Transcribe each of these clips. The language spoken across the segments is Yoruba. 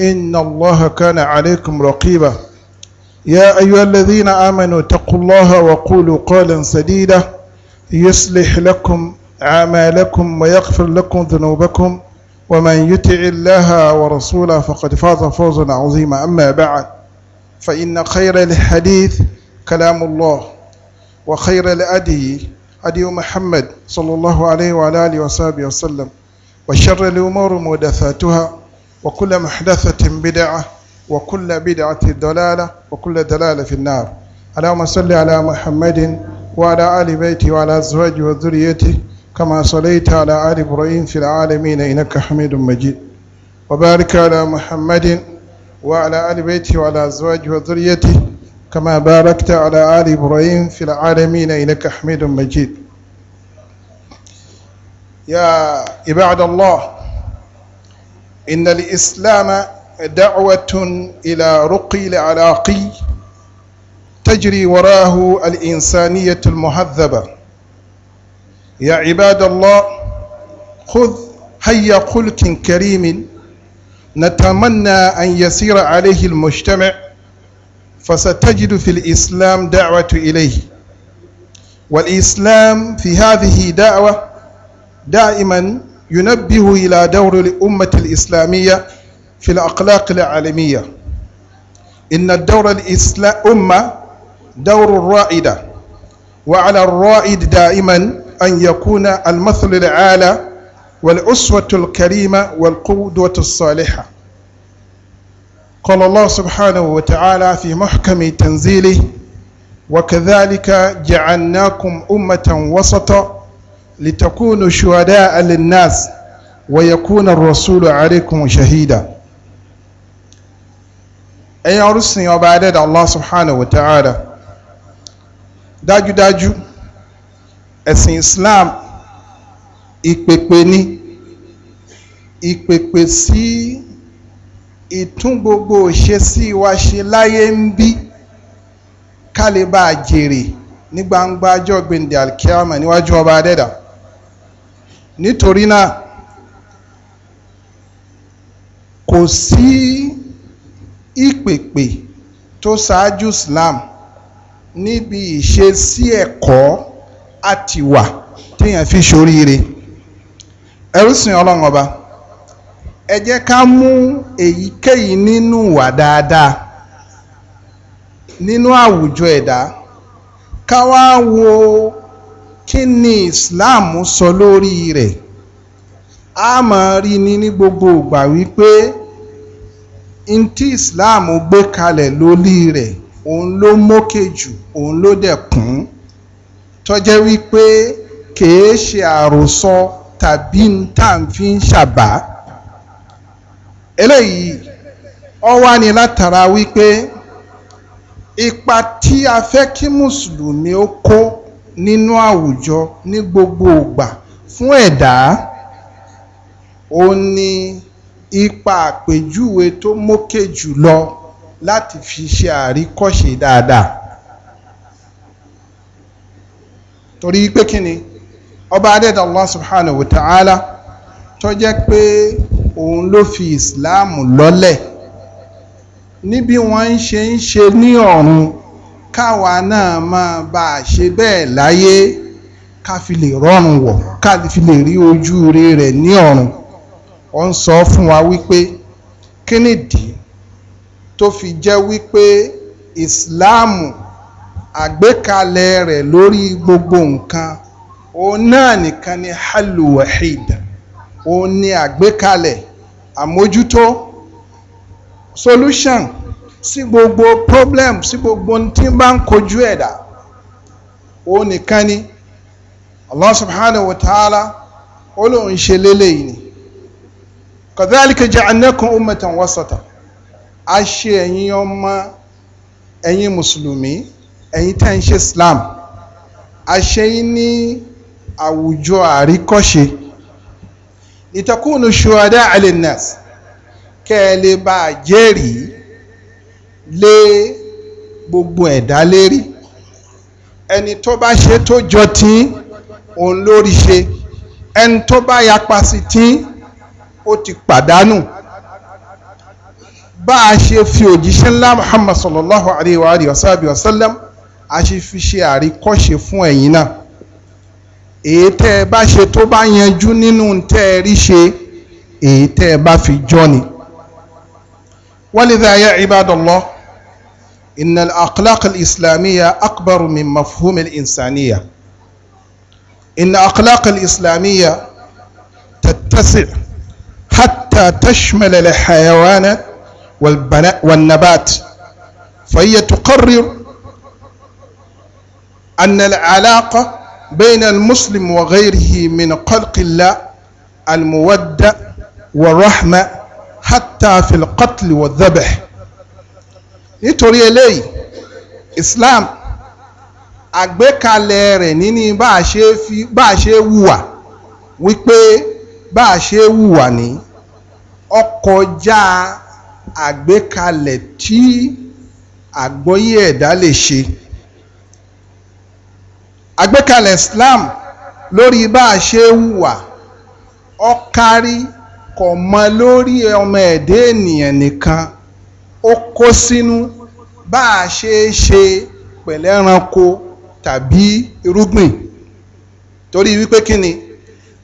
إن الله كان عليكم رقيبا يا أيها الذين آمنوا اتقوا الله وقولوا قولا سديدا يصلح لكم أعمالكم ويغفر لكم ذنوبكم ومن يطع الله ورسوله فقد فاز فوزا عظيما أما بعد فإن خير الحديث كلام الله وخير الأدي أدي محمد صلى الله عليه وعلى آله وصحبه وسلم وشر الأمور محدثاتها وكل محدثة بدعة وكل بدعة دلالة وكل دلالة في النار اللهم صل على محمد وعلى آل بيته وعلى أزواجه وذريته كما صليت على آل إبراهيم في العالمين إنك حميد مجيد وبارك على محمد وعلى آل بيته وعلى أزواجه وذريته كما باركت على آل إبراهيم في العالمين إنك حميد مجيد يا عباد الله إن الإسلام دعوة إلى رقي العلاقي تجري وراه الإنسانية المهذبة يا عباد الله خذ هيا قلت كريم نتمنى أن يسير عليه المجتمع فستجد في الإسلام دعوة إليه والإسلام في هذه دعوة دائما ينبه إلى دور الأمة الإسلامية في الأخلاق العالمية إن الدور الأمة دور الرائدة وعلى الرائد دائما أن يكون المثل العالى والأسوة الكريمة والقدوة الصالحة قال الله سبحانه وتعالى في محكم تنزيله وكذلك جعلناكم أمة وسطا لتكونوا شهداء للناس ويكون الرسول عليكم شهيدا ẹ̀yin ọrùsìn ọba adẹ́dà allah subhanahu wa ta'ala dájúdájú ẹ̀sìn islam ìpèpè ni ìpèpè sí ìtún gbogbo òṣèṣì wa ṣe láyé ń bí kálíbà jèrè ní gbangba ọjọ́ gbèǹdé alkiyama níwájú ọba adẹ́dà. nítorí náà kò sí ìpèpè tó ṣáájú Islam níbi ìṣesí ẹ̀kọ́ àtiwà téèyàn fi ṣoríire ẹrú sìn ọlọ́run ọba ẹ jẹ́ ká mú èyíkéyìí nínú wà dáadáa nínú àwùjọ ẹ̀dá ká wá wo kí ni Islam sọ lórí rẹ̀ a máa rí ni ní gbogbo ìgbà wípé nti tí Islam gbé kalẹ̀ lórí rẹ̀ òun ló mókè jù òun ló dẹ̀ kún tọ́jẹ́ wípé kìí ṣe àròsọ tàbí tá à ń fi ń ṣàbá eléyìí ọ wá ní látara wípé ipa tí a fẹ́ kí mùsùlùmí ó kó nínú àwùjọ ní gbogbo ìgbà fún ẹ̀dá ó ní ipa àpèjúwe tó mókè jùlọ láti fi ṣe àríkọ́ṣe dáadáa torí pé kí ni ọba adẹ́dàá Allah subhanahu wa ta'ala tó jẹ́ pé òun ló fi Islam lọ́lẹ̀ níbi wọ́n ń ṣe ń ṣe ní ọ̀run káwa náà máa bá a ṣe bẹ́ẹ̀ láyé ká fi lè rọrùn wọ̀ ká fi lè rí ojú rẹ̀ ní ọ̀run ó ń sọ fún wa wípé kí nìdí tó fi jẹ́ wípé ìsìláàmù àgbékalẹ̀ rẹ̀ lórí gbogbo nǹkan òun náà nìkan ni hallu òun ni àgbékalẹ̀ àmójútó solution sí gbogbo problem sí gbogbo tí bá ń kojú ẹ̀dá òun nìkan ni Allah subhanahu wa ta'ala ó lóun ṣe léléyìí ni kadhalika ja'alnakum ummatan wasata a ṣe ẹ̀yin ọmọ ẹ̀yin mùsùlùmí ẹ̀yin tẹ́ ń ṣe Islam a ṣe yín ní àwùjọ àríkọ́ṣe litakunu shuhada 'ala an-nas kẹ́ ẹ lè bá a jẹ́rìí lé gbogbo ẹ̀dá lérí ẹni tó bá ṣe tó jọ tí òun lórí ṣe ẹni tó bá yapa sí tí ó ti pàdánù bá a ṣe fi òjíṣẹ́ ńlá Muhammad sallallahu alayhi wa alihi wa sahbihi wa sallam a ṣe fi ṣe àríkọ́ṣe fún ẹ̀yin náà èyí tẹ́ ẹ bá ṣe tó bá yanjú nínú tẹ́ ẹ rí ṣe èyí tẹ́ ẹ bá fi jọ ni. walidha ya ibadallah إن الأخلاق الإسلامية أكبر من مفهوم الإنسانية إن أخلاق الإسلامية تتسع حتى تشمل الحيوانات والنبات فهي تقرر أن العلاقة بين المسلم وغيره من خلق الله المودة والرحمة حتى في القتل والذبح nítorí eléyìí Islam àgbékalẹ̀ rẹ̀ níní bá a ṣe fi bá a ṣe wùwà wípé bá a ṣe wùwà ní ọkọjá àgbékalẹ̀ tí àgbọ́yé ẹ̀dá lè ṣe àgbékalẹ̀ Islam lórí bá a ṣe wùwà ọkárí kò mọ lórí ọmọ ẹ̀dá ènìyàn nìkan ó kó sínú bá a ṣe é ṣe pẹ̀lẹ́ ẹranko tàbí irúgbìn torí wípé kí ni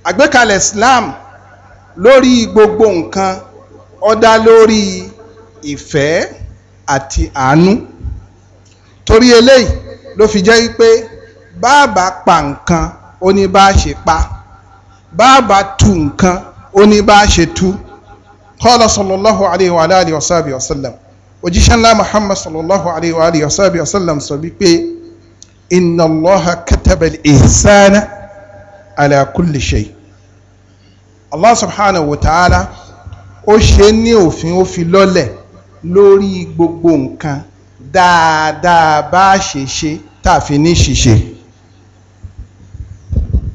àgbékalẹ̀ Islam lórí gbogbo nǹkan ó dá lórí ìfẹ́ àti àánú torí eléyìí ló fi jẹ́ wípé báàbà pa nǹkan ó ní bá a ṣe pa báàbà tu nǹkan ó ní bá a ṣe tu qala sallallahu alayhi wa alihi wa sallam òjíṣẹ́ ńlá muhammad sallallahu alayhi wa alihi wa sallam wasallam sọ wípé inna allaha katabal ihsana ala kulli shay allah subhanahu wa ta'ala ó ṣe ní òfin ó fi lọ́lẹ̀ lórí gbogbo nǹkan dáadáa bá ṣe ṣe tá a fi ní ṣiṣe.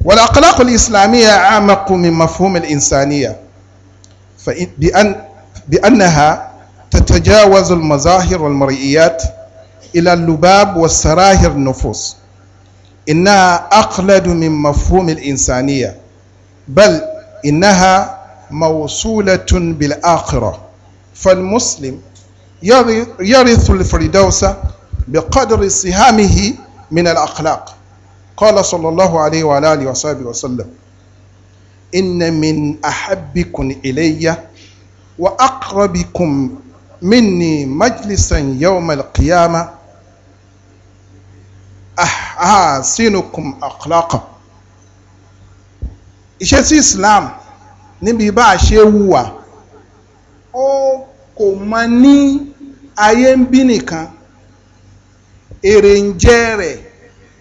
والأخلاق الإسلامية أعمق من مفهوم الإنسانية بأن بأنها تتجاوز المظاهر والمرئيات إلى اللباب والسراهر النفوس إنها أقلد من مفهوم الإنسانية بل إنها موصولة بالآخرة فالمسلم يرث الفردوس بقدر سهامه من الأخلاق قال صلى الله عليه وعلى آله وصحبه وسلم إن من أحبكم إلي وأقربكم مني مجلسا يوم القيامة أحسنكم أخلاقا iṣẹ́ sí Islam níbi bá a ṣe wùwà ó kò mọ ní ayé ń bí nìkan èrè ń jẹ́ rẹ̀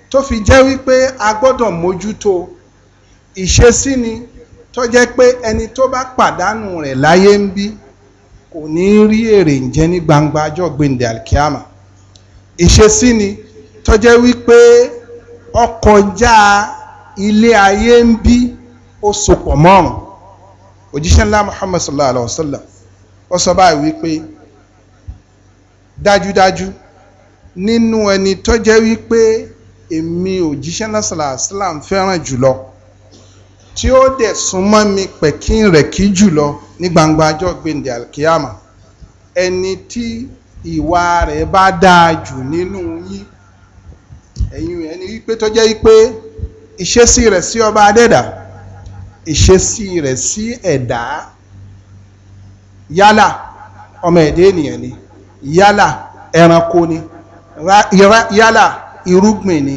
tó fi jẹ́ wípé a gbọ́dọ̀ mójútó ìṣesí ni tó jẹ́ pé ẹni tó bá pàdánù rẹ̀ láyé ń bí kò ní rí èrè gbangba jẹ ní gbangba ajọ́ gbẹ̀ndẹ̀ alkiama ìṣesí ni tọ́jẹ́ wípé ọkọjá ilé ayé ń bí ó sopọ̀ mọ́rùn òjíṣẹ́ ńlá muhammad sallallahu wa sallam ó sọ báyìí wípé dájúdájú nínú ẹni tọ́jẹ́ wípé èmi òjíṣẹ́ ńlá sallallahu alaihi wa sallam fẹ́ràn jùlọ. tí ó dẹ̀ súnmọ́ mi pẹ̀kín rẹ̀ kí jùlọ ní gbangba ajọ́ gbẹ̀ndẹ̀ alkiyama ẹni tí ìwà rẹ̀ bá dáa jù nínú yín ẹ̀yin ẹni wípé tó jẹ́ wípé ìṣesí rẹ̀ sí ọba adẹ́dà ìṣesí rẹ̀ sí ẹ̀dá yálà ọmọ ẹ̀dá ènìyàn ni yálà ẹranko ni yálà irúgbìn ni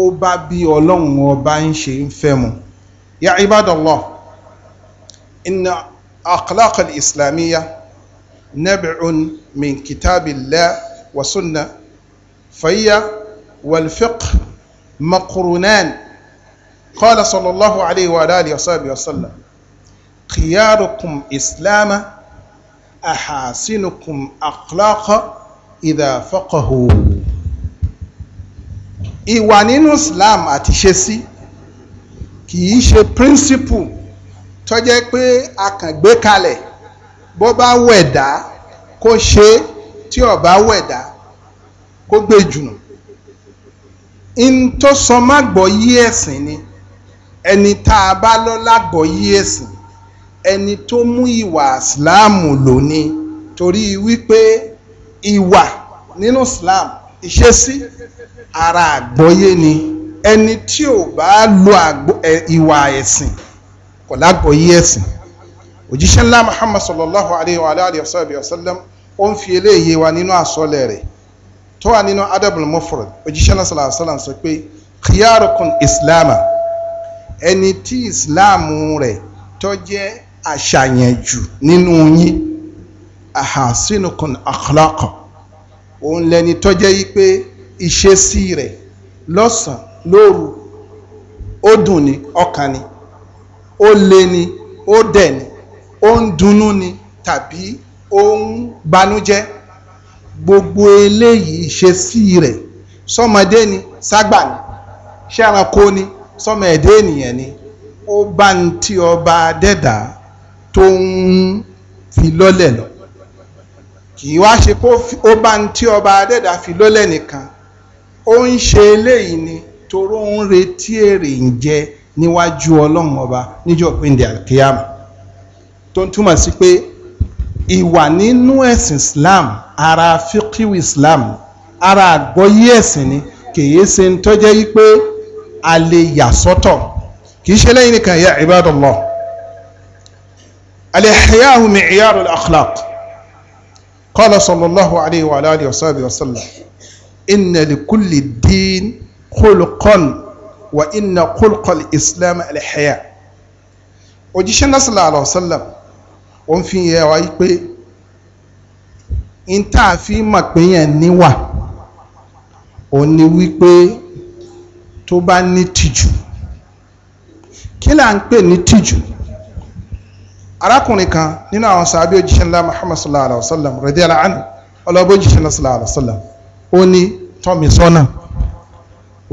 ó bá bí ọlọ́run ọba ń ṣe ń fẹ́ mu. يا عباد الله إن أخلاق الإسلامية نبع من كتاب الله وسنة فهي والفقه مقرونان قال صلى الله عليه وآله وصحبه وسلم خياركم إسلام أحاسنكم أخلاقا إذا فقهوا ìwà nínú Islam kì í ṣe principle tó jẹ́ pé a kàn gbé kalẹ̀ bó bá wẹ̀dá kó ṣe tí ó bá wẹ̀dá kó gbé jùnù in tó sọ má gbọ́ yí ẹ̀sìn ni ẹni tá a bá lọ́lá gbọ́ yí ẹ̀sìn ẹni tó mú ìwà ìsìláàmù lóní torí wípé ìwà nínú islam ìṣesí ara àgbọ́yé ni. Islam, ẹni tí ò bá lo ìwà ẹ̀sìn kò lágbọ̀ọ́yé ẹ̀sìn òjíṣẹ́ ńlá muhammad sallallahu alayhi wa alayhi wa sallam ó ń fi eléyìí wa nínú àsọlẹ̀ rẹ̀ tó wà nínú adabul mufrad òjíṣẹ́ ńlá sallallahu alayhi wa sallam sọ pé khiyarukum islama ẹni tí ìsìláàmù rẹ̀ tó jẹ́ àṣàyàn jù nínú yín ahasinukum akhlaqa òun lẹni tó jẹ́ yí pé ìṣesí rẹ̀ lọ́sàn lóru ó dùn ni ọkàn ni ó le ni ó dẹ̀ ni ó ń dunnú ni tàbí ó ń banújẹ́ gbogbo eléyìí ìṣesí rẹ̀ sọmọdé ni ságbà ni ṣẹranko ni sọmọ ẹ̀dá ènìyàn ni ó bá ń tí ọba adẹ́dà tó ń fi lọ́lẹ̀ lọ kì í wá ṣe pé ó bá ń tí ọba adẹ́dà fi lọ́lẹ̀ nìkan ó ń ṣe eléyìí ni toró ń retí èrè ń jẹ níwájú ọlọ́run ọba níjọ́ píndé àkíyàmù tó ń túmọ̀ sí pé ìwà nínú ẹ̀sìn Islam ara fíkíw Islam ara àgbọ́yé ẹ̀sìn ni kìí ṣe ń tọ́jẹ́ yí pé a lè yà sọ́tọ̀ kìí ṣe lẹ́yìn nìkan ya ibadallah al-ihyahu mi'yaru al-akhlaq qala sallallahu alayhi wa alihi wa sallam inna li kulli khulqan wa inna khulqal islam alihaya òjíṣẹ́ náà sallallahu alaihi wasallam ó ń fi yẹ wá pé n tá a fi mọ̀ pé yẹn níwà ó ní wípé tó bá ní tìjú kí là ń pè ní tìjú arákùnrin kan nínú àwọn sàábí òjíṣẹ́ ńlá muhammad sallallahu alaihi radiyallahu anhu ọlọ́bọ̀ òjíṣẹ́ náà sallallahu alaihi ó ní tọ́ mi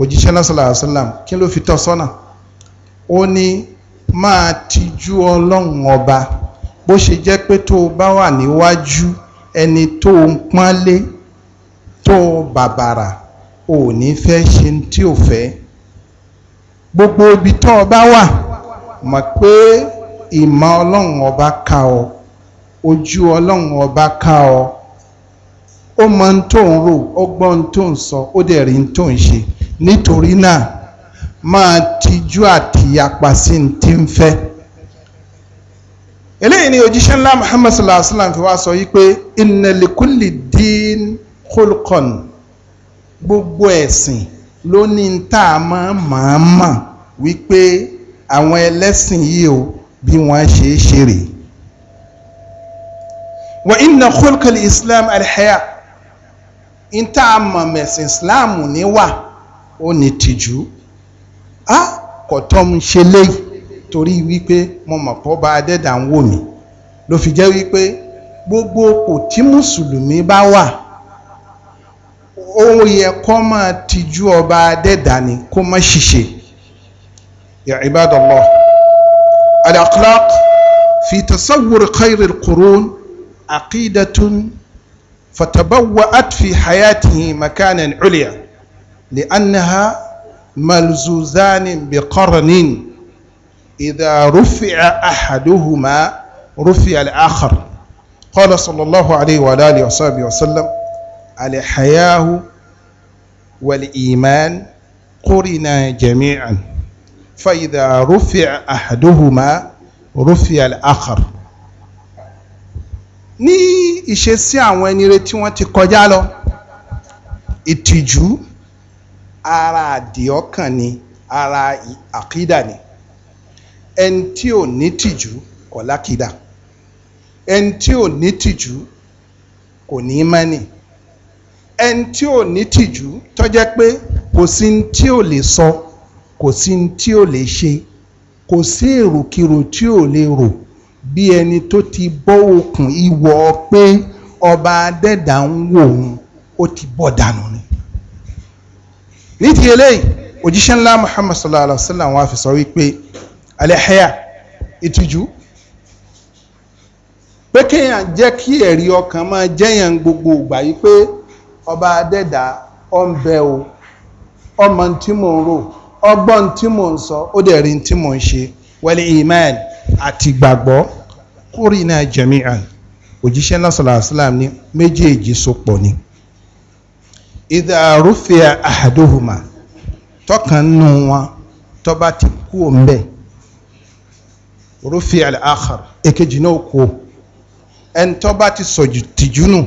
òjíṣẹ́ náà sallallahu alaihi wasallam kí ló fi tọ́ sọ́nà ó ní máa tijú ọlọ́run ọba bó ṣe jẹ́ pé tó o bá wà níwájú ẹni tó o ń pọ́nlé tó o bàbàrà o ò ní fẹ́ ṣe tí o fẹ́ gbogbo ibi tó o wà mọ̀ pé ìmọ̀ ọlọ́run ọba ká ọ ojú ọlọ́run ọba ká ọ ó mọ ohun tó ń rò ó gbọ́ ohun tó ń sọ ó dẹ̀ rí ohun tó ń ṣe nítorí náà máa tijú àti yapa sí ti ń fẹ́ eléyìí ni òjíṣẹ́ ńlá muhammad sallallahu alaihi wa sallam fi wá sọ yìí pé inna dín khulqan gbogbo ẹ̀sìn ló ní tá a máa máa mọ̀ wípé àwọn ẹlẹ́sìn yìí o bí wọ́n ṣe é ṣe rèé wa inna khulqal islam alhaya n tá a mọ̀ mẹ̀sìn islam níwà ó ní tìjú á kọ̀tọ́ ń ṣe léyìí torí wípé mo mọ̀ pọ́ bá adẹ́dà ń wò mí ló fi jẹ́ wípé gbogbo òpò tí mùsùlùmí bá wà ó yẹ kó máa tìjú ọba adẹ́dà ni kó má ṣiṣẹ́ ya ibadallah al fi tasawwur khairil qurun aqidatun fatabawwa'at fi hayatihi makanan 'ulya. لأنها ملزوزان بقرن إذا رفع أحدهما رفع الآخر قال صلى الله عليه وآله وصحبه وسلم الحياة والإيمان قرنا جميعا فإذا رفع أحدهما رفع الآخر ني ìṣesí àwọn وين retí وانتي قجالو إتجو ara àdìọ́kàn ni ara àkídà ni ẹni tí ò ní tìjú kò lákìdà ẹni tí ò ní tìjú kò ní mánì ẹni tí ò ní tìjú tó pé kò sí ní tí ò lè sọ kò sí ní tí ò lè ṣe kò sí èròkìrò tí ò lè rò bí ẹni tó ti bọ́ okùn ìwọ̀ pé ọba adẹ́dà ń wò ó ó ti bọ́ dànù ni ní ti eléyìí òjíṣẹ́ ńlá muhammad sallallahu alaihi wa sallam wa fi sọ wípé alẹ́hẹ́yà ìtújú pé kéèyàn jẹ́ kí ẹ̀rí ọkàn máa jẹ́yàn gbogbo ìgbà yìí pé ọba adẹ́dà ọ̀nbẹ o ọmọ tí mò ń rò ọgbọ́n tí mò ń sọ ó dẹ̀ rí tí mò ń ṣe wẹ́lẹ̀ iman àti gbàgbọ́ kúrìnà jami'an òjíṣẹ́ ńlá sallallahu alaihi wa sallam ní méjèèjì so pọ̀ ni ìdá rúfìà àhàdóhùmá tọkàn nù wọn tọba ti kú òǹbẹ rúfìà àkàr èkejì náà kú o ẹni tọba ti sọ tìjú nù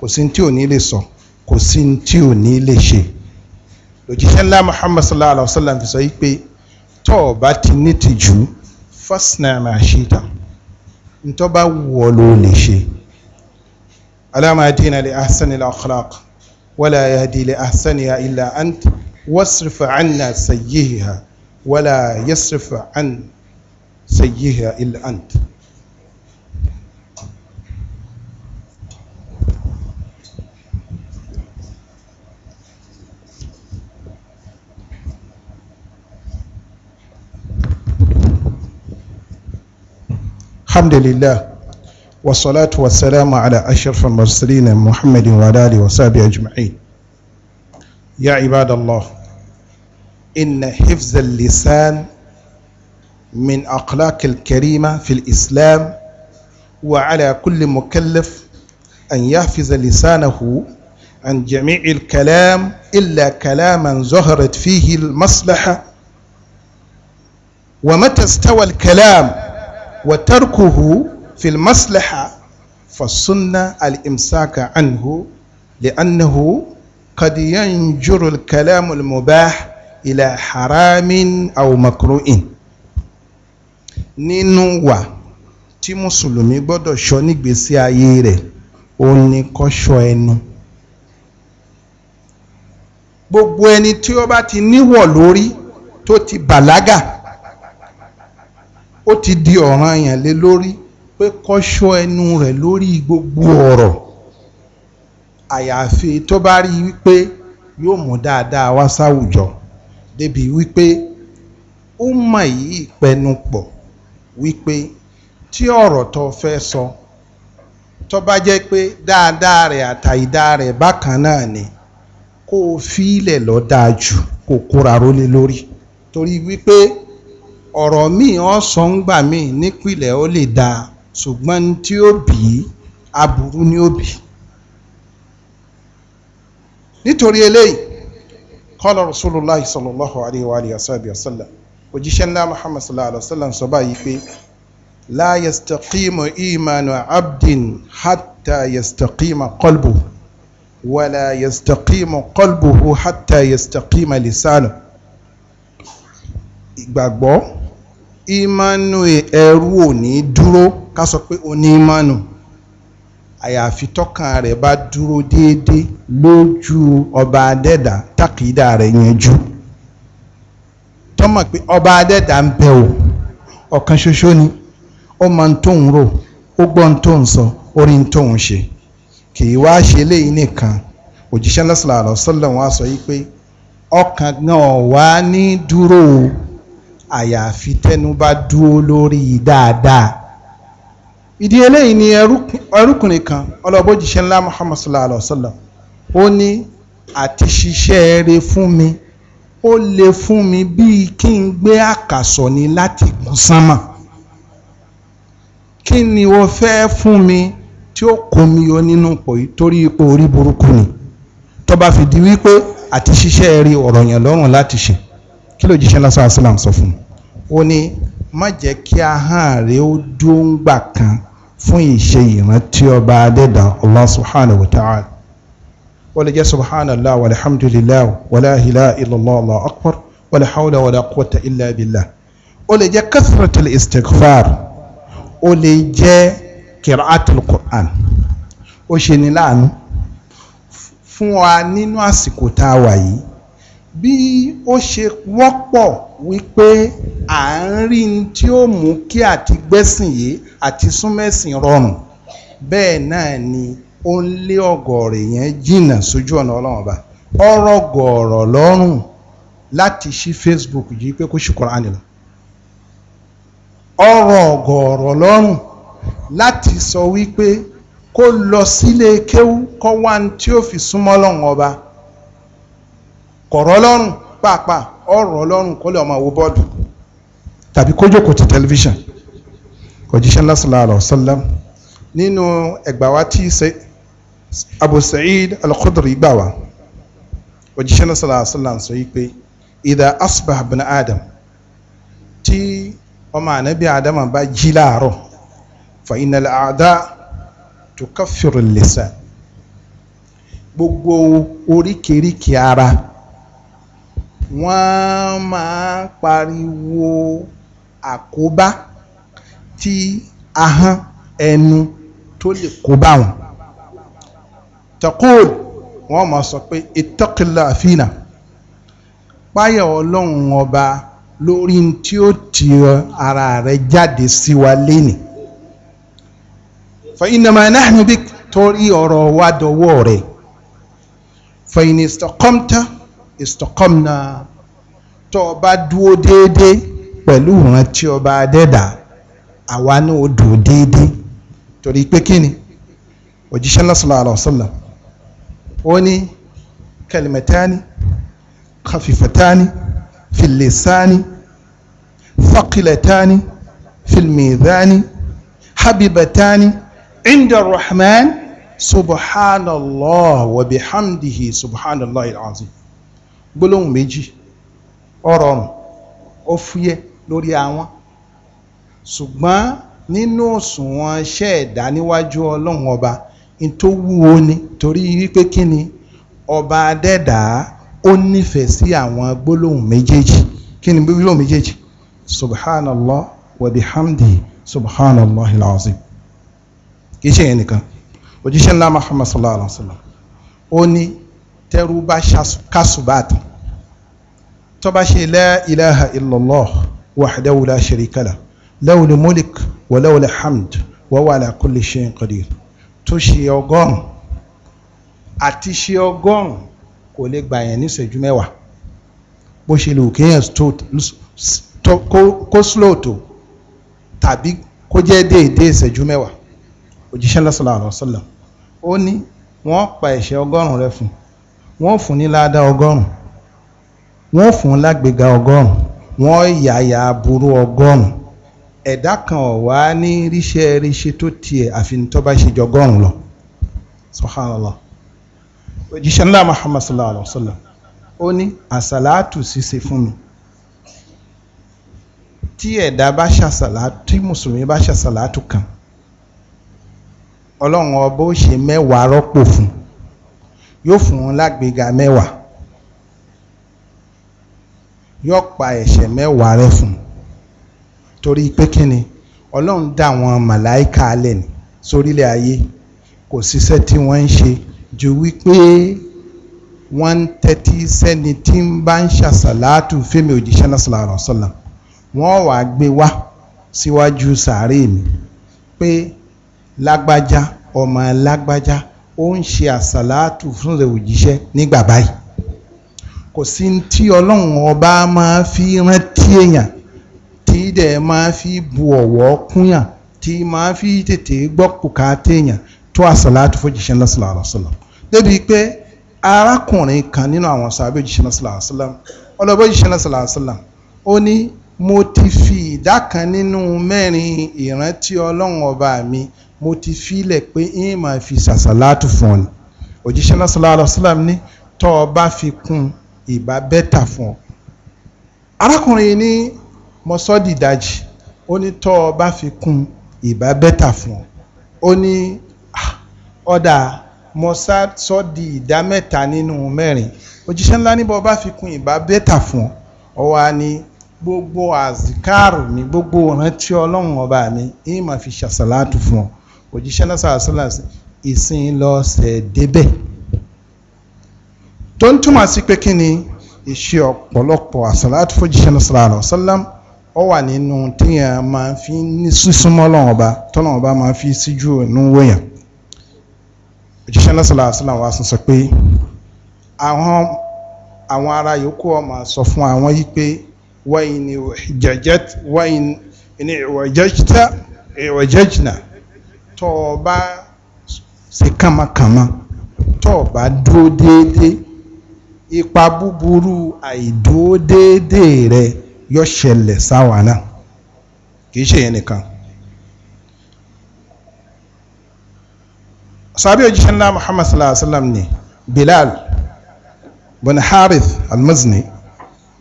kò sí tí ò ní lè sọ kò sí tí ò ní lè ṣe lójíṣẹ́ ńlá muhammad sallallahu alaihi wa sallam fi sọ yìí pé tọ́ ti ní tìjú fasna ma shita ntọ́ bá wọ̀ ló lè ṣe alama adina li ahsani al ولا يهدي لأحسنها إلا أنت واصرف عنا سيئها ولا يصرف عن سيئها إلا أنت الحمد لله والصلاة والسلام على أشرف المرسلين محمد وعلى آله وصحبه أجمعين يا عباد الله إن حفظ اللسان من أخلاق الكريمة في الإسلام وعلى كل مكلف أن يحفظ لسانه عن جميع الكلام إلا كلاما ظهرت فيه المصلحة ومتى استوى الكلام وتركه في maslaha fasunna al عنه anhu قد ينجر الكلام المباح kalam al-mubah ila haramin aw makruhin nínú wa tí mùsùlùmí gbọ́dọ̀ ṣọ́ nígbésí ayé rẹ̀ ó ní kó ṣọ́ ẹnu gbogbo ẹni tí ó bá ti níwọ̀ lórí tó ti bàlágà ó ti di ọ̀ranyàn lé lórí pé kó ẹnu rẹ̀ lórí gbogbo ọ̀rọ̀ àyàfi tó bá rí wípé yóò mú dáadáa wá sáwùjọ débi wípé ó mọ̀ yìí ìpẹnu pọ̀ wípé tí ọ̀rọ̀ tó fẹ́ sọ tó bá jẹ́ pé dáadáa rẹ̀ àtàìdá rẹ̀ bákan náà ni kó o fi ilẹ̀ lọ dáa jù kó o kóra rólé lórí torí wípé ọ̀rọ̀ míì ọ̀sán gbà míì nípìnlẹ̀ ó lè dáa ṣùgbọ́n ní tí ó bì í aburú ni ó bì í nítorí eléyìí kọ́lá rasulullah sallallahu alayhi wa alihi wa sallam òjíṣẹ́ ńlá muhammad sallallahu alayhi wa sallam sọ báyìí pé la yastaqimu imanu abdin hatta yastaqima qalbuhu wala yastaqimu qalbuhu hatta yastaqima lisanu ìgbàgbọ́ imanu ẹrú ò ní dúró ká sọ pé ó ní ìmánu àyàfi tọ́kàn rẹ̀ bá dúró déédéé lójú ọba adẹ́dà tákìdá rẹ̀ yanjú tọ́mọ̀ pé ọba adẹ́dà ń o ọ̀kan ṣoṣo ni ó mọ ń tóun rò ó gbọ́ ń tóun sọ ó ń tóun ṣe kì í wá ṣe léyìí nìkan òjíṣẹ́ sallallahu alaihi wasallam wá sọ yìí pé ọkàn gan ọ̀ wá ní dúró o. àyàfi tẹnu bá dúró lórí dáadáa ìdí eléyìí ni ẹrúkùnrin kan ọlọ́bọ̀jìṣẹ́ ńlá Muhammad sallallahu alayhi wa sallam ó ní àti ṣiṣẹ́ eré fún mi ó le fún mi bíi kí n gbé àkàsọ̀ ni láti gùn sánmà kí ni o fẹ́ fún mi tí ó kó mi yọ nínú pọ̀ torí ipò orí burúkú ni tó bá wípé àti ṣiṣẹ́ eré ọ̀rọ̀ yẹn lọ́rùn láti ṣe kí ló jíṣẹ́ lásán asílám sọ fún un ó ní má jẹ́ kí ahọ́n rẹ̀ ó dóńgbà kan fún ìṣe ìrántí ọba adẹ́dà allah subhanahu wa ta'ala ó lè jẹ́ subhanallah walhamdulillah wala ilaha illallah allah akbar wala hawla wala quwwata illa billah ó lè jẹ́ kasratul istighfar ó lè jẹ́ kiraatul quran ó ṣe ní láàánú fún wa nínú àsìkò tá a wà bí ó ṣe wọ́pọ̀ wípé à ń rí n tí ó mú kí àti gbẹ́sìn yìí àti súnmẹ́sìn rọrùn bẹ́ẹ̀ náà ni ó ń lé ọ̀gọ̀ọ̀rọ̀ yẹn jìnnà sójú ọ̀nà ọlọ́run ọba ọ̀rọ̀ gọ̀ọ̀rọ̀ lọ́rùn láti ṣí Facebook yìí pé kó ṣí Kùránì lọ ọ̀rọ̀ gọ̀ọ̀rọ̀ lọ́rùn láti sọ wípé kó lọ sílé kéwú kọ́ wá ní tí ó fi súnmọ́ ọlọ́run ọba kọ̀rọ̀ lọ́rùn pàápàá ọ̀rọ̀ lọ́rùn kó lè ọmọ wo bọ́ọ̀dù tàbí kó jókòó ti tẹlifíṣàn òjíṣẹ́ ńlá sallallahu alaihi wasallam nínú ẹgbà wa tí Abu Sa'id al-Khudri gbà wá òjíṣẹ́ ńlá sallallahu alaihi wasallam sọ yìí pé idha asbaha ibn Adam tí ọmọ ànábì Adam bá jí láàárọ̀ fa innal a'da tukaffiru al-lisan gbogbo oríkèéríkèé ara wọ́n máa ń pariwo àkóbá tí ahọ́n ẹnu tó lè kóbá wọn. taqul wọ́n máa sọ pé ittaqillah fina páyà ọlọ́run ọba lórí tí ó ti ara rẹ̀ jáde sí wa lénìí. fa innama nahnu torí ọ̀rọ̀ wa dọwọ́ rẹ̀ fa in istaqamta istaqamna tó o bá dúó déédéé pẹ̀lú ìrántí ọba adẹ́dà àwa náà ó dúó déédéé torí pé kí ni òjíṣẹ́ náà sallallahu alaihi wasallam ó ní kalimatani khafifatani fil lisani thaqilatani fil mizani subhanallah wa subhanallah al gbólóhùn méjì ó rọrùn ó fúyẹ́ lórí ahọ́n ṣùgbọ́n nínú òṣùwọ̀n iṣẹ́ ẹ̀dá níwájú ọlọ́run ọba ní tó wúwo ni torí wípé kí ni ọba adẹ́dàá ó nífẹ̀ẹ́ sí àwọn gbólóhùn méjèèjì kí ni gbólóhùn méjèèjì subhanallah wa bihamdi subhanallah alazim kì í ṣe yẹn nìkan òjíṣẹ́ ńlá muhammad sallallahu alaihi wa sallam ó ní tẹ́rú bá kásùbà tán tó bá ṣe la ilaha illallah wahdahu la sharika lah lawul mulik wa lawul hamd wa huwa ala kulli shay'in qadir tó ṣe ọgọ́rùn àti ṣe ọgọ́rùn kò lè gbà yẹn níṣẹ́jú mẹ́wàá bó ṣe lè kéèyàn kó slow tó tàbí kó jẹ́ déédéé ìṣẹ́jú mẹ́wàá òjíṣẹ́ sallallahu alaihi ó ní wọ́n pa ẹ̀ṣẹ̀ ọgọ́rùn rẹ fún wọ́n fún ní ládàá ọgọ́rùn wọ́n fún lágbègà ọgọ́rùn wọ́n yàyà aburú ọgọ́rùn ẹ̀dá kan ọ̀wá ní ríṣẹ́ ríṣẹ́ tó tiẹ̀ àfi tó bá ṣe jọ ọgọ́rùn lọ subhanallah òjíṣẹ́ ńlá muhammad sallallahu alayhi wa sallam ó ní àsàlátù ṣíṣe fún mi tí ẹ̀dá bá ṣàsàlátù tí mùsùlùmí bá ṣàsàlátù kan ọlọ́run ọba ó ṣe mẹ́wàá rọ́pò fún un yóò fún un lágbèéga mẹ́wàá yóò pa ẹ̀ṣẹ̀ mẹ́wàá rẹ fún un torí pé kí ni ọlọ́run dá àwọn màláìka alẹ̀ ní sórílẹ̀ ayé kò síṣẹ́ tí wọ́n ń ṣe ju wípé wọ́n ń tẹ́tí sẹ́ni tí ń bá ń ṣàṣàlátù fẹ́mi òjíṣẹ́ náà sọ̀rọ̀ sọ̀rọ̀ wọ́n wàá gbé wá síwájú sàárè mi pé lágbájá ọmọ lágbájá ó ń ṣe àsàlátù fún rẹ̀ òjíṣẹ́ nígbà báyìí kò sí tí ọlọ́run ọba máa fi rántí èèyàn tí dẹ̀ máa fi bu ọ̀wọ́ kúnyàn tí máa fi tètè gbọ́ bùkátà èèyàn tó àsàlátù fòjíṣẹ́ náà sallallahu alaihi wasallam débi pé arákùnrin kan nínú àwọn sábẹ́ òjíṣẹ́ náà sallallahu alaihi wasallam ọlọ́bọ̀ òjíṣẹ́ náà ó ní mo ti fi ìdá kan nínú mẹ́rin ìrántí ọlọ́run ọba mi mo ti filẹ̀ pé ń máa fi sàṣàlátù fún ọ ni òjíṣẹ́ náà sallallahu alaihi wasallam ní tọ́ ọ bá fi kún ìbá bẹ́tà fún ọ. arákùnrin ní mọ́sọ́dì ìdajì ó ní tọ́ ọ bá fi kún ìbá bẹ́tà fún ọ. ó ní ọ̀dà mọ́sọ́dì ìdá mẹ́ta nínú mẹ́rin òjíṣẹ́ ńlá níbọ̀ bá fi kún ìbá bẹ́tà fún ọ. ọwọ́ a ní gbogbo àzìkáàrù mi gbogbo ìrántí ọlọ́run ọba mi ìmọ̀ fi ṣàṣàlátù fún ọ òjíṣẹ́ náà sàásìlà ìsìn lọ́sẹ̀ débẹ̀ tó ń túmọ̀ sí pé kí ni ìṣe ọ̀pọ̀lọpọ̀ àsàlátù fòjíṣẹ́ náà sàlá àlọ́ sálám ó wà nínú téèyàn máa fi ní sísúnmọ́ lọ́wọ́n ọba tọ́lọ́wọ́n ọba máa fi síjú ìnú wòyàn òjíṣẹ́ náà sàlá wa sọ pé àwọn àwọn ará yòókù ọmọ sọ fún àwọn yìí pé wáyìn ni ìwọ̀jẹ́jìnà tọ́ ọ bá ṣe kánmọ́kánmọ́ tọ́ ọ bá dúró déédéé ipa búburú àìdúró déédéé rẹ yọ ṣẹlẹ̀ sáwa náà kì í ṣe yẹn nìkan. sábẹ́ òjíṣẹ́ ńlá muhammad sallallahu alayhi wa sallam ni bilal bin harith muzni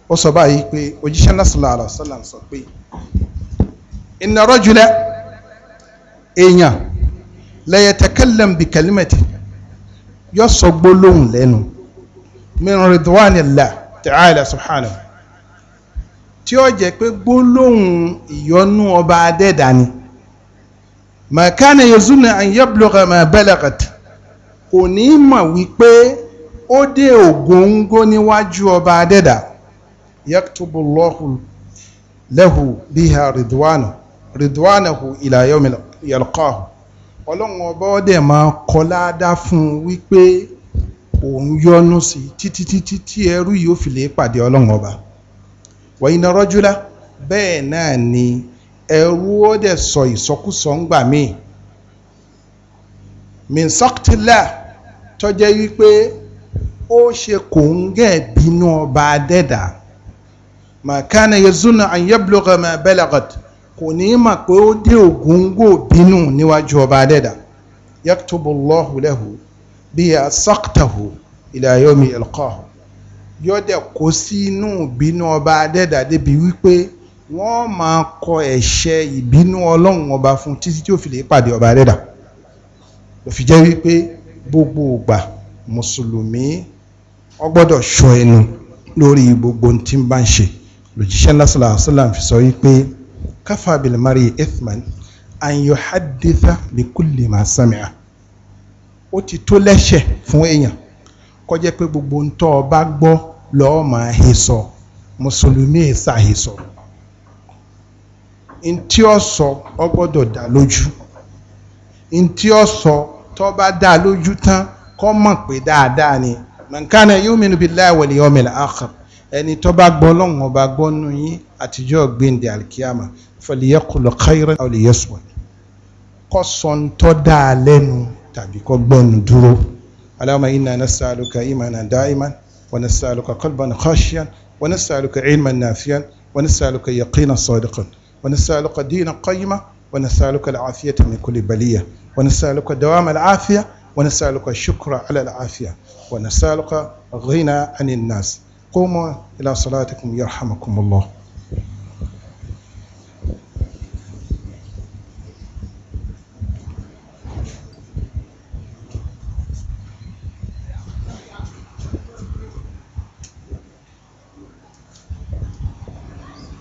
ó sọ báyìí pé òjíṣẹ́ ńlá sallallahu alayhi wa sallam sọ pé inna èèyàn lẹ́yẹtẹ̀kẹ́lẹ́m bí kẹlímẹ̀tì yọ sọ gbólóhùn lẹ́nu min ridwanillah ta'ala subhanahu tí ó jẹ́ pé gbólóhùn ìyọ́nú ọba adẹ́dà ni ma kana yazunna an yablugha ma balagat kò ní mọ̀ wípé ó dé ògóńgó níwájú ọba adẹ́dà yaktubullahu lahu biha ridwanahu ridwanahu ila yawmil yalqahu ọlọ́run ọba ọdẹ máa kọ láadáa fún un wípé òun yọ́nú sí títí títí tí ẹrú yìí ó fi lè pàdé ọlọ́run ọba wàyínà rọ́júlá bẹ́ẹ̀ náà ni ẹrú ọdẹ sọ ìsọkúsọ ń gbà míì minsọ́kítìlá tọ́jẹ́ wípé ó ṣe kò ń gẹ̀ bínú ọba adẹ́dà màkánà yezuna an yablugha ma balagat kò ní mà pé ó dé ògúngò bínú níwájú ọba adẹ́dà yaktubu Allahu lahu bíi asaktahu ila yomi ilqahu yọ́dẹ̀ kó sínú ìbínú ọba adẹ́dà débi wípé wọ́n máa kọ ẹ̀ṣẹ̀ ìbínú ọlọ́run ọba fún títí tí ó fi lè pàdé ọba adẹ́dà ó fi jẹ́ wípé gbogbo ìgbà mùsùlùmí ó gbọ́dọ̀ ṣọ́ ẹnu lórí gbogbo tí ń bá ń ṣe lòjíṣẹ́ lásìlá àṣìlá fi sọ wípé kafa bil mari ithman an yuhadditha bi kulli ma sami'a ó ti tó lẹ́ṣẹ̀ fún èèyàn kó jẹ́ pé gbogbo ń tọ́ ọ bá gbọ́ lọ́ọ́ máa he sọ mùsùlùmí èsà he sọ ntí ọ sọ ọ gbọ́dọ̀ dá lójú ntí ọ sọ tó bá lójú tán kọ́ mọ̀ pé dáadáa ni mankana yuminu billahi wal yawmil akhir ẹni tó bá gbọ́ ọba gbọ́ nù yín àtijọ́ gbẹ̀ǹdẹ̀ alikiyama فليقل خيرا او ليصمت قصن تدالن تابي كوبن درو اللهم انا نسالك ايمانا دائما ونسالك قلبا خاشيا ونسالك علما نافيا ونسالك يقينا صادقا ونسالك دينا قيما ونسالك العافيه من كل بليه ونسالك دوام العافيه ونسالك الشكر على العافيه ونسالك غنى عن الناس قوموا الى صلاتكم يرحمكم الله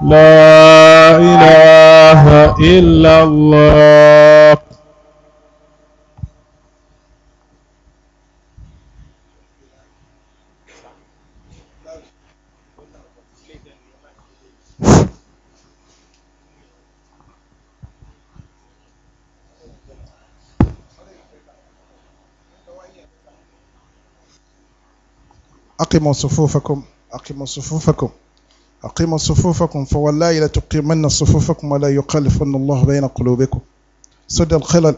لا إله إلا الله أقموا صفوفكم أقموا صفوفكم أقيم صفوفكم فوالله لتقيمن صفوفكم ولا يخلفن الله بين قلوبكم سد الخلل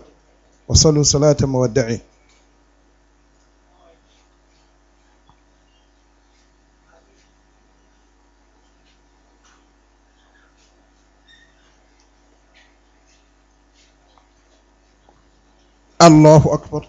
وصلوا صلاة مودعي الله أكبر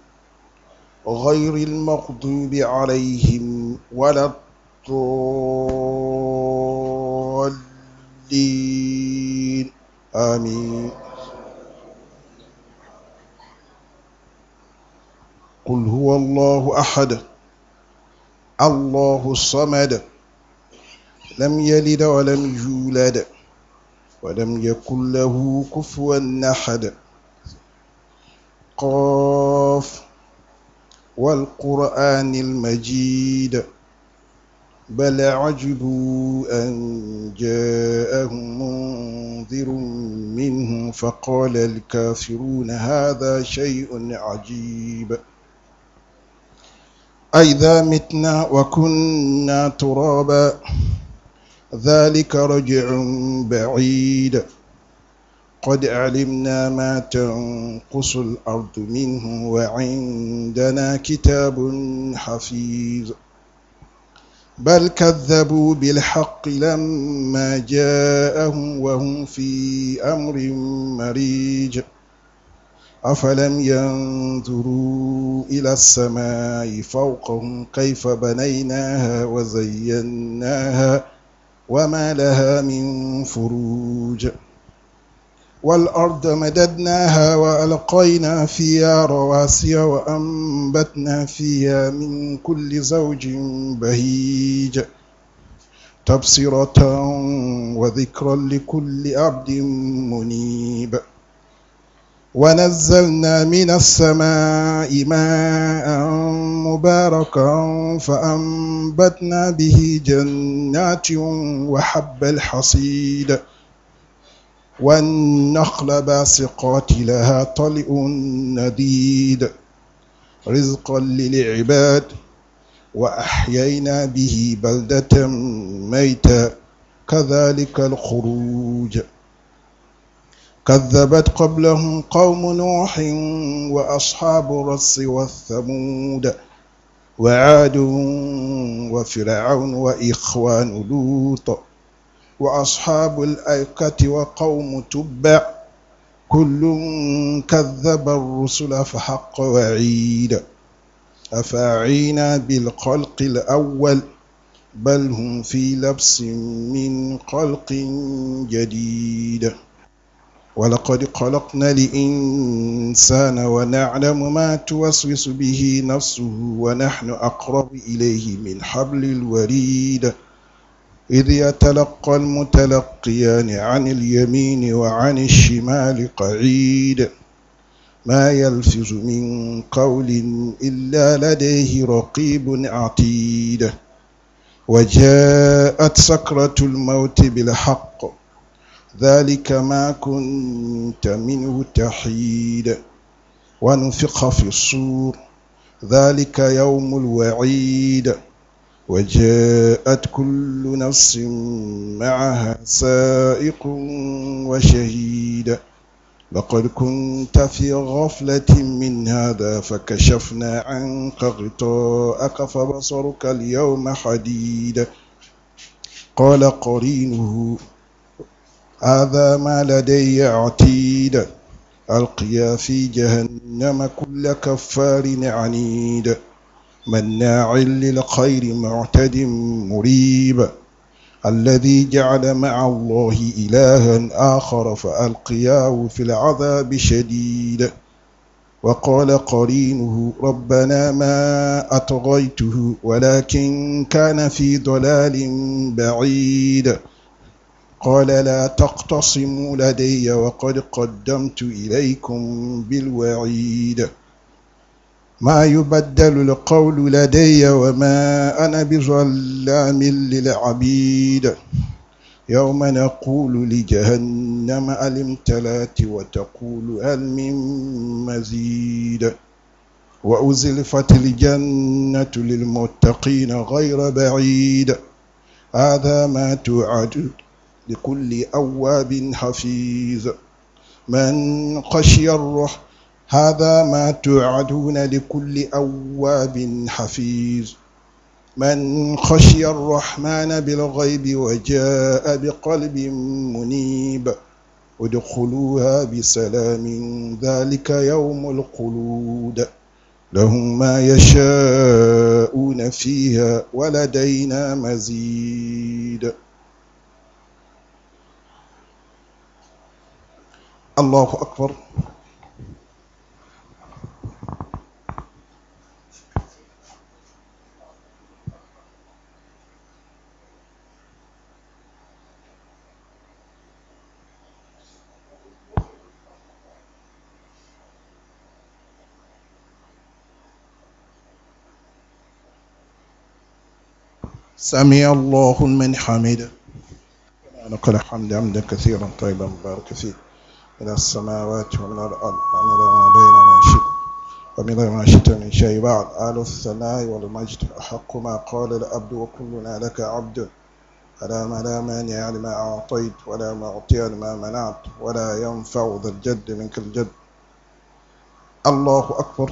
غير المغضوب عليهم ولا الضالين آمين قل هو الله أحد الله الصمد لم يلد ولم يولد ولم يكن له كفوا أحد قاف والقرآن المجيد بل عجبوا أن جاءهم منذر منهم فقال الكافرون هذا شيء عجيب أئذا متنا وكنا ترابا ذلك رجع بعيد قد علمنا ما تنقص الأرض منه وعندنا كتاب حفيظ بل كذبوا بالحق لما جاءهم وهم في أمر مريج أفلم ينظروا إلى السماء فوقهم كيف بنيناها وزيناها وما لها من فروج ۖ والأرض مددناها وألقينا فيها رواسي وأنبتنا فيها من كل زوج بهيج تبصرة وذكرا لكل عبد منيب ونزلنا من السماء ماء مباركا فأنبتنا به جنات وحب الحصيد ۖ والنخل باسقات لها طلع نديد رزقا للعباد وأحيينا به بلدة ميتا كذلك الخروج كذبت قبلهم قوم نوح وأصحاب الرس والثمود وعاد وفرعون وإخوان لوط وأصحاب الأيكة وقوم تبع كل كذب الرسل فحق وعيد أفاعينا بالخلق الأول بل هم في لبس من خلق جديد ولقد خلقنا الإنسان ونعلم ما توسوس به نفسه ونحن أقرب إليه من حبل الوريد إذ يتلقى المتلقيان عن اليمين وعن الشمال قعيد ما يلفظ من قول إلا لديه رقيب عتيد وجاءت سكرة الموت بالحق ذلك ما كنت منه تحيد ونفخ في الصور ذلك يوم الوعيد وجاءت كل نفس معها سائق وشهيد لقد كنت في غفلة من هذا فكشفنا عنك غطاءك فبصرك اليوم حديد قال قرينه هذا ما لدي عتيد ألقيا في جهنم كل كفار عنيد مناع للخير معتد مريب الذي جعل مع الله إلها آخر فألقياه في العذاب شديد وقال قرينه ربنا ما أطغيته ولكن كان في ضلال بعيد قال لا تقتصموا لدي وقد قدمت إليكم بالوعيد ما يبدل القول لدي وما أنا بظلام للعبيد يوم نقول لجهنم ألم تلات وتقول هل من مزيد وأزلفت الجنة للمتقين غير بعيد هذا ما توعد لكل أواب حفيظ من خشي الرحمن هذا ما توعدون لكل أواب حفيظ من خشي الرحمن بالغيب وجاء بقلب منيب ادخلوها بسلام ذلك يوم القلود لهم ما يشاءون فيها ولدينا مزيد الله أكبر سمي الله من حمده لك الحمد حمدا كثيرا طيبا مباركا فيه من السماوات ومن الارض ومن ما بين ما شئت ومن ما شئت من شيء بعد آل الثناء والمجد احق ما قال الأبد وكلنا لك عبد ألا ما لا مانع لما اعطيت ولا معطي لما منعت ولا ينفع ذا الجد منك الجد الله اكبر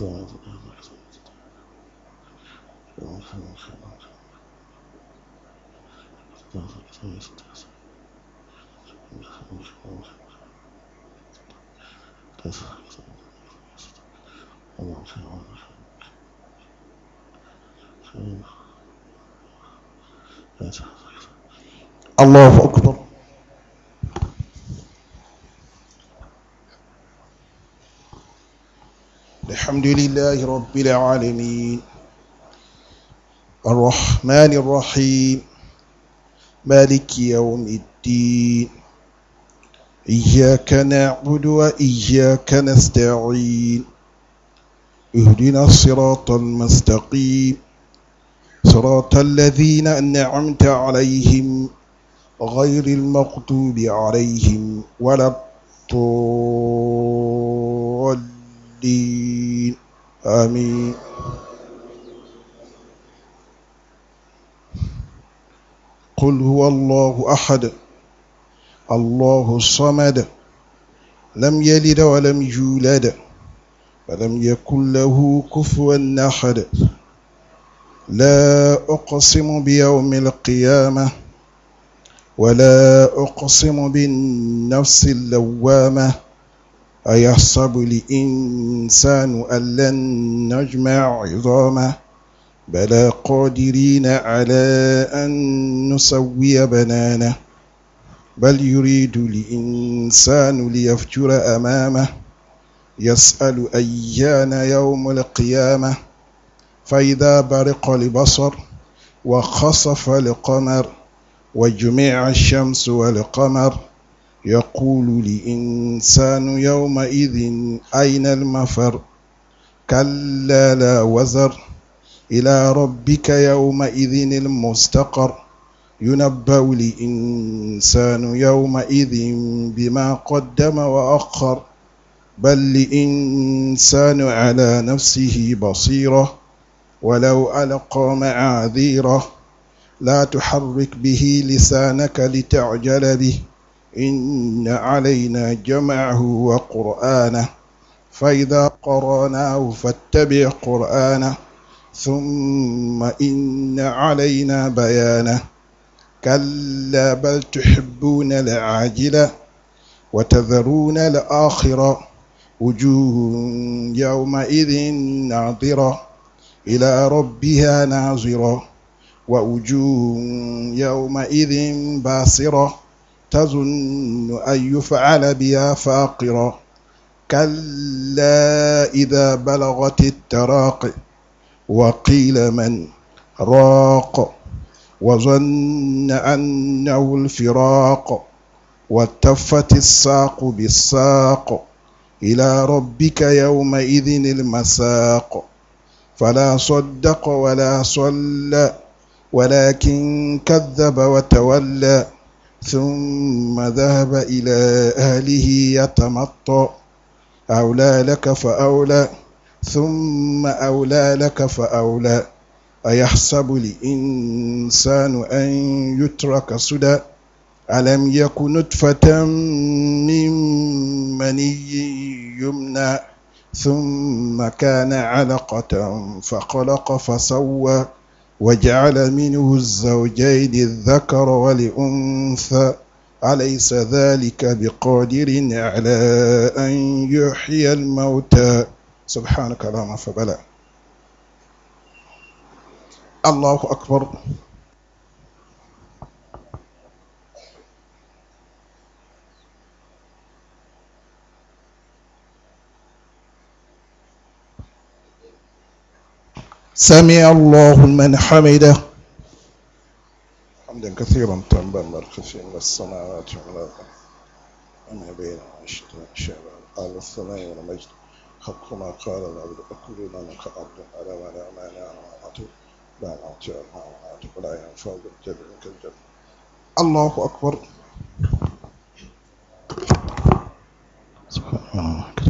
الله أكبر الحمد لله رب العالمين الرحمن الرحيم مالك يوم الدين إياك نعبد وإياك نستعين اهدنا الصراط المستقيم صراط الذين أنعمت عليهم غير المقتوب عليهم ولا الطول الدين آمين قل هو الله أحد الله الصمد لم يلد ولم يولد ولم يكن له كفوا أحد لا أقسم بيوم القيامة ولا أقسم بالنفس اللوامة أيحسب الإنسان أن لن نجمع عظامه بلى قادرين على أن نسوي بنانه بل يريد الإنسان ليفجر أمامه يسأل أيان يوم القيامة فإذا برق البصر وخصف القمر وجمع الشمس والقمر يقول الإنسان يومئذ أين المفر كلا لا وزر إلى ربك يومئذ المستقر ينبأ الإنسان يومئذ بما قدم وأخر بل الإنسان على نفسه بصيرة ولو ألقى معاذيره لا تحرك به لسانك لتعجل به إن علينا جمعه وقرآنه فإذا قرأناه فاتبع قرآنه ثم إن علينا بيانه كلا بل تحبون العاجلة وتذرون الآخرة وجوه يومئذ ناظرة إلى ربها ناظرة ووجوه يومئذ باصرة تظن أن يفعل بها فاقرا كلا إذا بلغت التراق وقيل من راق وظن أنه الفراق والتفت الساق بالساق إلى ربك يومئذ المساق فلا صدق ولا صلى ولكن كذب وتولى ثم ذهب إلى أهله يتمطى أولى لك فأولى ثم أولى لك فأولى أيحسب الإنسان أن يترك سدى ألم يك نطفة من مني يمنى ثم كان علقة فخلق فسوى وجعل منه الزوجين الذكر والأنثى أليس ذلك بقادر على أن يحيي الموتى سبحانك اللهم فبلا الله أكبر سمع الله من حمده حمدا كثيرا تنبا مركز من السماوات والارض وما بين عشر شباب قال الثناء والمجد حق ما قال العبد أكل لك عبد على ولا مانع وعطي لا نعطي ولا نعطي ولا ينفع بالجد منك الجد الله أكبر سبحان الله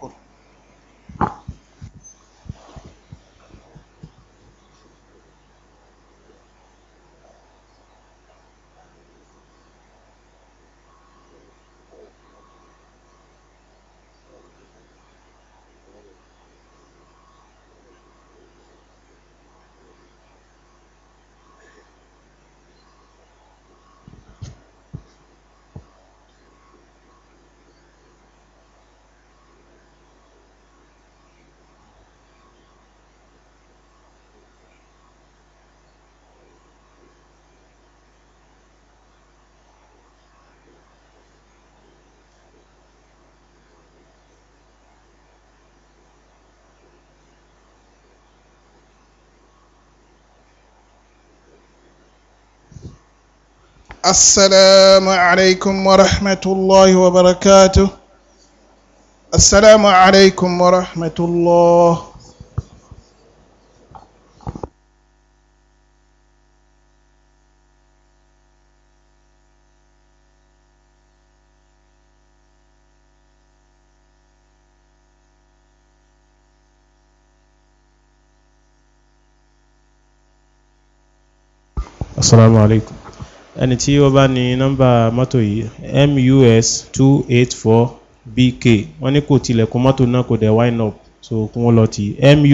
السلام عليكم ورحمة الله وبركاته السلام عليكم ورحمة الله السلام عليكم ẹni tí ó bá ní nọ́mbà mọ́tò yìí mus two eight four bk wọ́n ní kò tilẹ̀kùn mọ́tò náà kò dẹ̀ wind up so kún ó lọ tì